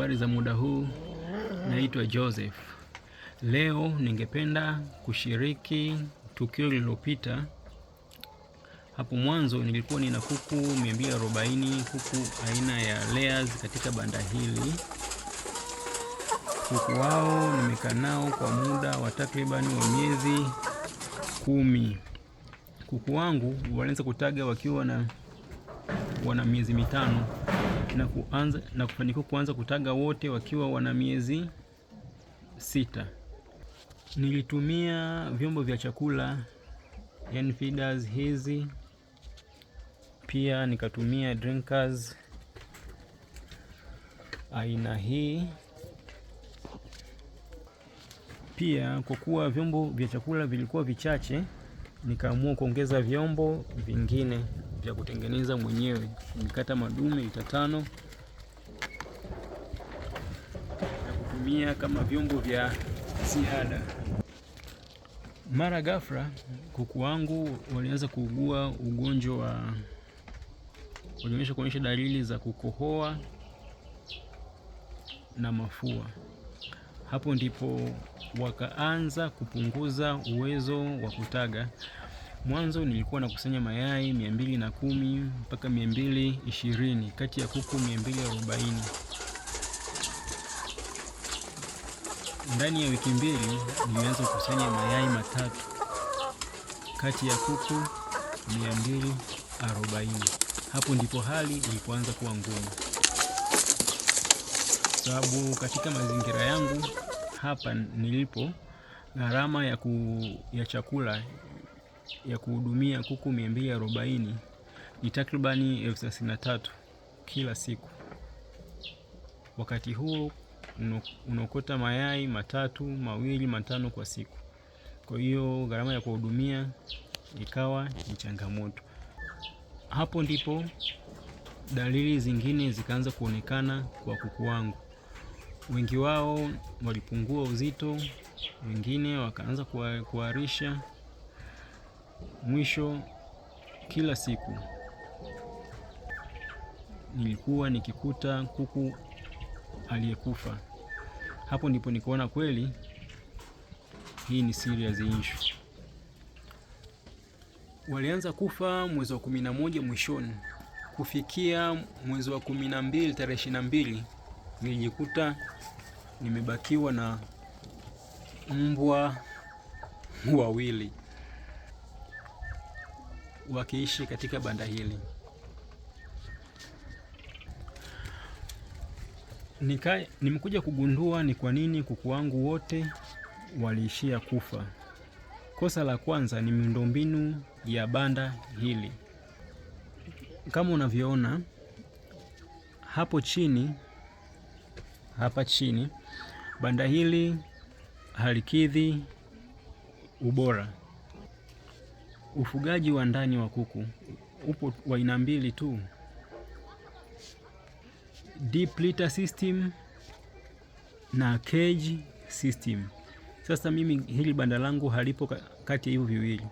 habari za muda huu. Naitwa Joseph. Leo ningependa kushiriki tukio lililopita. Hapo mwanzo nilikuwa nina kuku 240 kuku aina ya layers katika banda hili. Kuku wao nimekaa nao kwa muda wa takribani wa miezi kumi. Kuku wangu walianza kutaga wakiwa na wana miezi mitano na, kuanza, na kufanikiwa kuanza kutaga wote wakiwa wana miezi sita. Nilitumia vyombo vya chakula yani feeders hizi, pia nikatumia drinkers aina hii. Pia kwa kuwa vyombo vya chakula vilikuwa vichache, nikaamua kuongeza vyombo vingine vya kutengeneza mwenyewe. Nikata madume lita tano na kutumia kama vyombo vya ziada. Mara ghafla kuku wangu walianza kuugua ugonjwa wa walionyesha kuonyesha dalili za kukohoa na mafua. Hapo ndipo wakaanza kupunguza uwezo wa kutaga. Mwanzo nilikuwa nakusanya mayai mia mbili na kumi mpaka mia mbili ishirini kati ya kuku mia mbili arobaini Ndani ya wiki mbili nilianza kukusanya mayai matatu kati ya kuku mia mbili arobaini Hapo ndipo hali ilipoanza kuwa ngumu, sababu katika mazingira yangu hapa nilipo gharama ya, ku, ya chakula ya kuhudumia kuku 240 ni takribani elfu thelathini na tatu kila siku. Wakati huo unaokota mayai matatu mawili matano kwa siku, kwa hiyo gharama ya kuhudumia ikawa ni changamoto. Hapo ndipo dalili zingine zikaanza kuonekana kwa kuku wangu. Wengi wao walipungua uzito, wengine wakaanza kuharisha, Mwisho kila siku nilikuwa nikikuta kuku aliyekufa. Hapo ndipo nikaona kweli hii ni serious issue. Walianza kufa mwezi wa kumi na moja mwishoni, kufikia mwezi wa kumi na mbili tarehe ishirini na mbili nilijikuta nimebakiwa na mbwa wawili wakiishi katika banda hili. Nika, nimekuja kugundua ni kwa nini kuku wangu wote waliishia kufa. Kosa la kwanza ni miundombinu ya banda hili. Kama unavyoona hapo chini, hapa chini, banda hili halikidhi ubora. Ufugaji wa ndani wa kuku upo wa aina mbili tu, deep litter system na cage system. Sasa mimi hili banda langu halipo kati ya hivyo viwili.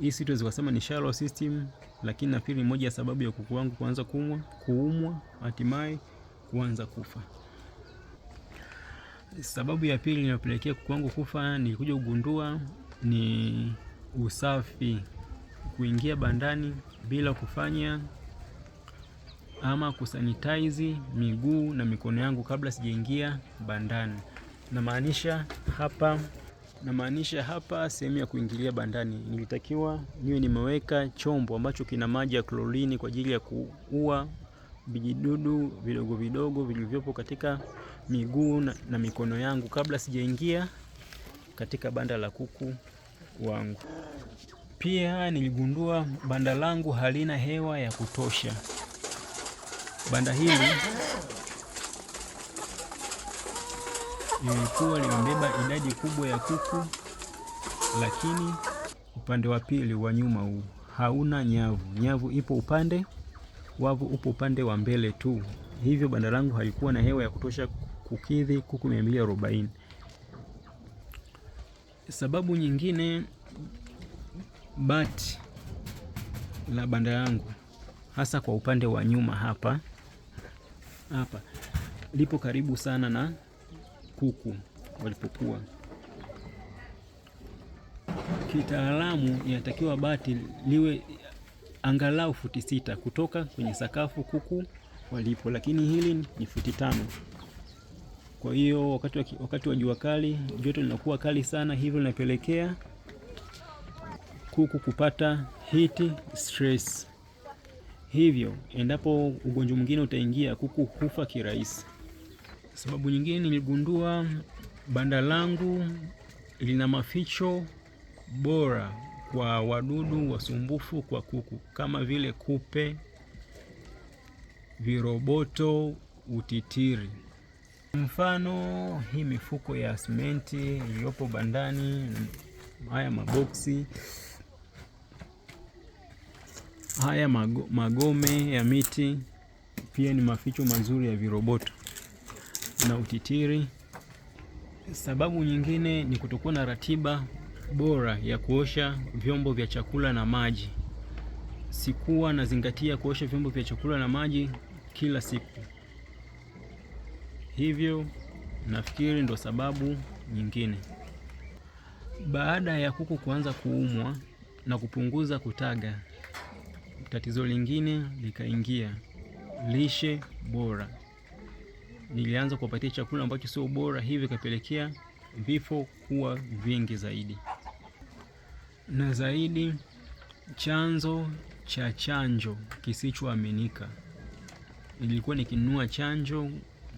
Hii si tuwezi kusema ni shallow system, lakini nafikiri ni moja ya sababu ya kuku wangu kuanza kuumwa, kuumwa hatimaye kuanza kufa. Sababu ya pili inayopelekea kuku wangu kufa nilikuja kugundua ni usafi, kuingia bandani bila kufanya ama kusanitize miguu na mikono yangu kabla sijaingia bandani. Namaanisha hapa, namaanisha hapa sehemu ya kuingilia bandani, nilitakiwa niwe nimeweka chombo ambacho kina maji ya klorini kwa ajili ya kuua vijidudu vidogo vidogo vilivyopo katika miguu na, na mikono yangu kabla sijaingia katika banda la kuku wangu. Pia niligundua banda langu halina hewa ya kutosha. Banda hili lilikuwa limebeba idadi kubwa ya kuku, lakini upande wa pili wa nyuma huu hauna nyavu. Nyavu ipo upande, wavu upo upande wa mbele tu, hivyo banda langu halikuwa na hewa ya kutosha kukidhi kuku 240. Sababu nyingine, bati la banda yangu hasa kwa upande wa nyuma hapa hapa lipo karibu sana na kuku walipokuwa. Kitaalamu inatakiwa bati liwe angalau futi sita kutoka kwenye sakafu kuku walipo, lakini hili ni futi tano. Kwa hiyo wakati wa, wakati wa jua kali joto linakuwa kali sana, hivyo linapelekea kuku kupata heat stress. Hivyo endapo ugonjwa mwingine utaingia, kuku hufa kirahisi. Sababu nyingine, niligundua banda langu lina maficho bora kwa wadudu wasumbufu kwa kuku kama vile kupe, viroboto, utitiri. Mfano hii mifuko ya simenti iliyopo bandani, haya maboksi haya magome ya miti pia ni maficho mazuri ya viroboto na utitiri. Sababu nyingine ni kutokuwa na ratiba bora ya kuosha vyombo vya chakula na maji. Sikuwa nazingatia kuosha vyombo vya chakula na maji kila siku. Hivyo nafikiri ndo sababu nyingine. Baada ya kuku kuanza kuumwa na kupunguza kutaga, tatizo lingine likaingia, lishe bora. Nilianza kuwapatia chakula ambacho sio bora, hivyo ikapelekea vifo kuwa vingi zaidi. Na zaidi chanzo cha chanjo kisichoaminika, ilikuwa nikinunua chanjo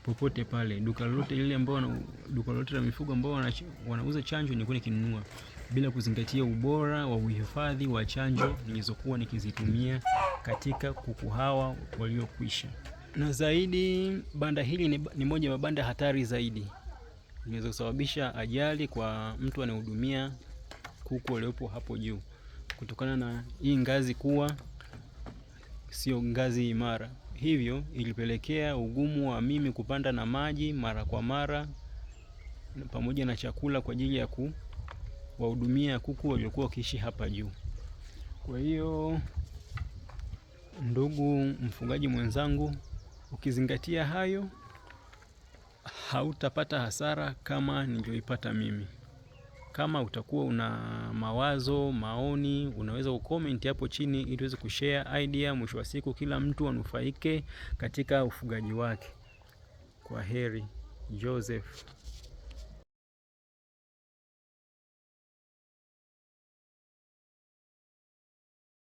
popote pale, duka lolote lile ambao duka lolote la mifugo ambao wanauza chanjo nikuwa nikinunua bila kuzingatia ubora wa uhifadhi wa chanjo nilizokuwa nikizitumia katika kuku hawa waliokwisha. Na zaidi, banda hili ni, ni moja ya mabanda hatari zaidi, inaweza kusababisha ajali kwa mtu anayehudumia kuku waliopo hapo juu, kutokana na hii ngazi kuwa sio ngazi imara hivyo ilipelekea ugumu wa mimi kupanda na maji mara kwa mara pamoja na chakula kwa ajili ya kuwahudumia kuku waliokuwa wakiishi hapa juu. Kwa hiyo ndugu mfugaji mwenzangu, ukizingatia hayo hautapata hasara kama nilioipata mimi. Kama utakuwa una mawazo, maoni, unaweza ucomment hapo chini ili tuweze kushare idea. Mwisho wa siku kila mtu anufaike katika ufugaji wake. Kwa heri, Joseph.